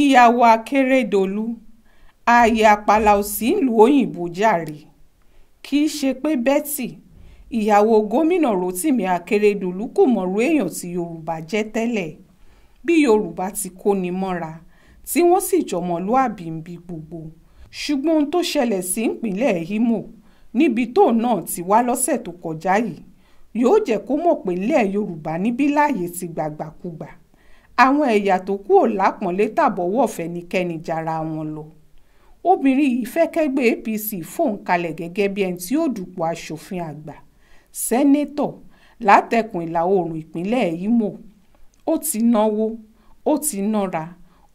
ìyàwó akérèdọ́lù ààyè àpàlà ò sí nílùú òyìnbó jàre kì í ṣe pé betty ìyàwó gómìnà rotimi akérèdọ́lù kò mọ̀rú èèyàn tí yorùbá jẹ́ tẹ́lẹ̀ bí yorùbá ti kóni mọ́ra tí wọ́n sì jọmọlúàbí ń bi gbogbo ṣùgbọ́n ohun tó ṣẹlẹ̀ sí ìpínlẹ̀ Imo níbi tóun náà ti wá lọ́sẹ̀ tó kọjá yìí yóò jẹ́ kó mọ̀ pé ilẹ̀ yorùbá níbí láàyè ti gbàgbàkúgbà àwọn ẹ̀yà tó kù ò lápọ̀nlé tàbọ̀wọ̀ fẹ́nikẹ́ni jara wọn lọ obìnrin yìí fẹ́ kẹ́gbẹ́ APC fòun kalẹ̀ gẹ́gẹ́ bí ẹni tí ó dùpò asòfin àgbà sẹ́nẹ́tọ̀ látẹkùn ìlà oòrùn ìpínlẹ̀ Imo ó ti náwó ó ti nára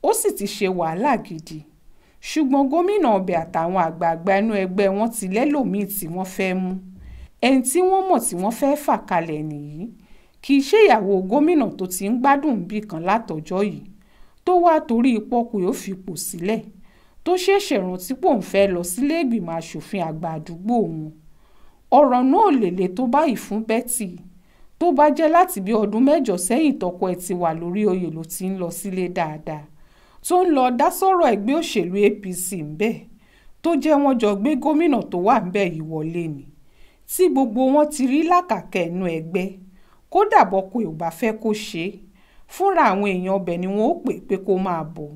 ó sì ti ṣe wàhálà gidi ṣùgbọ́n gómìnà ọbẹ̀ àtàwọn àgbààgbà inú ẹgbẹ́ wọn ti lẹ́lòmíì tí wọ́n fẹ́ mú ẹni tí wọ́n mọ̀ tí wọ́n fẹ́ fà kalẹ̀ nìyí kì í ṣèyàwó gómìnà tó ti ń gbádùn ibì kan látọjọ́ yìí tó wà torí pọkú yóò fipò sílẹ̀ tó ṣẹ̀ṣẹ̀ rántí pò ń fẹ́ lọ síléègbìmọ̀ asòfin àgbà àdúgbò òun ọ̀rọ̀ náà lèlè tó báyìí fún Betty tó bá jẹ́ láti bí ọdún mẹ́jọ sẹ́yìn tọkọ ẹ̀ ti wà lórí oyè ló ti ń lọ sílé dáadáa tó ń lọ dá sọ̀rọ̀ ẹgbẹ́ òṣèlú APC ńbẹ̀ tó jẹ́ wọ́n jọ gbé gómìnà tó wà ńbẹ̀ yìí wọlé ni tí gbogbo wọn ti rí làkàkẹ́ ẹnu ẹgbẹ́ kódà bọ́kọ ò bá fẹ́ kó ṣe é fúnra àwọn èèyàn ọbẹ̀ ni wọ́n ó pè pé kó máa bọ̀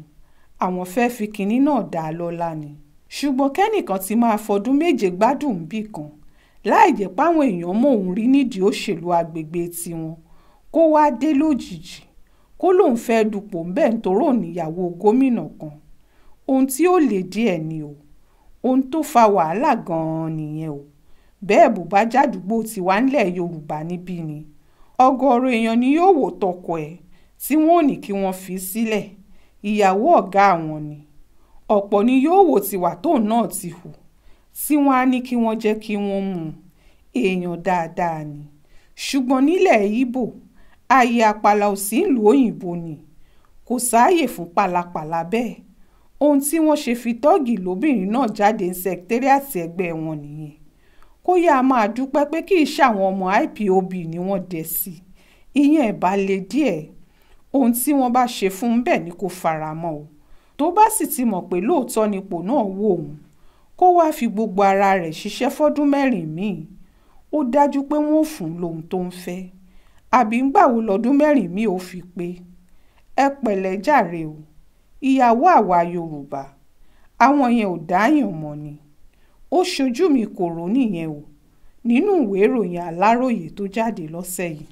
àwọn fẹ́ fi kinní náà dá a lọ́lá ni ṣùgbọ́n kẹ́nìkan ti máa fọdún méje gbádùn níbì kan láì jẹ́ páwọn èèyàn mọ̀ òun rí nídìí òṣèlú agbègbè tiwọn kó wáá dé lójijì kó lóun fẹ́ dupò ńbẹ̀ nítorò níyàwó gómìnà kan ohun tí ó lè díẹ̀ ni o ohun tó fa wàhálà gan-an nìyẹn o bẹ́ẹ̀ bó bá jádùúgbò tiwa ńlẹ̀ yorùbá níbí ni. Bini ọ̀gọ̀ọ̀rọ̀ èèyàn ni yóò wò tọkọ ẹ̀ tí wọ́n ò ní kí wọ́n fi sílẹ̀ ìyàwó ọ̀gá àwọn ni ọ̀pọ̀ ni yóò wò tìwà tóun náà ti hù tí wọ́n á ní kí wọ́n jẹ́ kí wọ́n mú èèyàn dáadáa ni ṣùgbọ́n nílẹ̀ Ìgbò ààyè àpàlà ò sí ìlú òyìnbó ni kò sáàyè fún pàlàpàlà bẹ́ẹ̀ ohun tí wọ́n ṣe fi tọ́ọ̀gì lóbìnrin náà jáde ní sẹkítẹ́rìàtì ẹgbẹ́ wọn nìyẹn kó yáa máa dúpẹ́ pé kì í ṣàwọn ọmọ IPOB ni wọ́n dẹ̀ sí ìyẹn ẹ̀ bá le díẹ̀ ohun tí wọ́n bá ṣe fún un bẹ́ẹ̀ ni kò fara mọ́ o tó bá sì ti mọ̀ pé lóòótọ́ nípò náà wò òun kó wáá fi gbogbo ara rẹ̀ ṣiṣẹ́ fọ́dún mẹ́rin míì ó dájú pé wọ́n ò fún lóhun tó ń fẹ́ àbí ń gbàwó lọ́dún mẹ́rin míì ó fi pé ẹ pẹ̀lẹ́ jàre o ìyàwó àwa Yorùbá àwọn yẹn ò dáyàn mọ́ ni ó ṣojú mi kò rò nìyẹn o nínú ìwé ìròyìn aláròye tó jáde lọ́sẹ̀ yìí